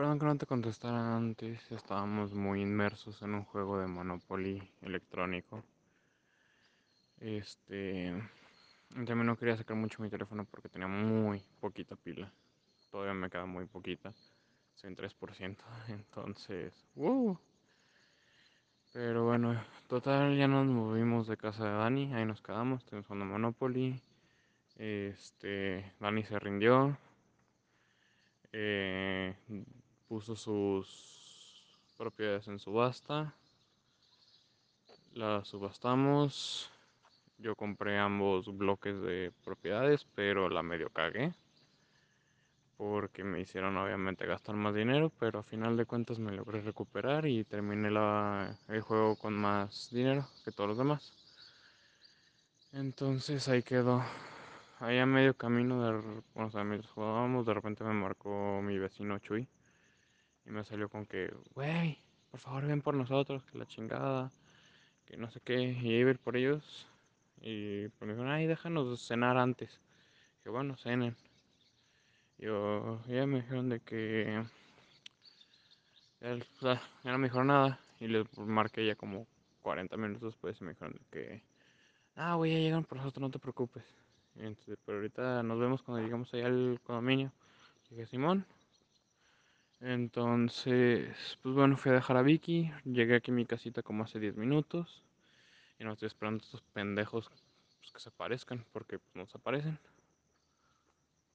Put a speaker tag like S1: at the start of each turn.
S1: Perdón que no te contestara antes, estábamos muy inmersos en un juego de Monopoly electrónico. Este. También no quería sacar mucho mi teléfono porque tenía muy poquita pila. Todavía me queda muy poquita. Soy en 3%. Entonces. ¡Wow! Pero bueno, total, ya nos movimos de casa de Dani. Ahí nos quedamos. Estuvimos jugando Monopoly. Este. Dani se rindió. Eh puso sus propiedades en subasta. La subastamos. Yo compré ambos bloques de propiedades, pero la medio cagué. Porque me hicieron obviamente gastar más dinero, pero a final de cuentas me logré recuperar y terminé el juego con más dinero que todos los demás. Entonces ahí quedó. Ahí a medio camino, de, bueno, o jugábamos, de repente me marcó mi vecino Chuy me salió con que, güey, por favor ven por nosotros, que la chingada, que no sé qué. Y iba por ellos. Y pues me dijeron, ay, déjanos cenar antes. Que bueno, cenen. yo, ya me dijeron de que. O sea, ya no me dijeron nada. Y les marqué ya como 40 minutos después y me dijeron de que. Ah, güey, ya llegan por nosotros, no te preocupes. pero ahorita nos vemos cuando llegamos allá al condominio. dije, Simón, entonces, pues bueno, fui a dejar a Vicky. Llegué aquí a mi casita como hace 10 minutos. Y no estoy esperando a estos pendejos pues, que se aparezcan, porque pues, no se aparecen.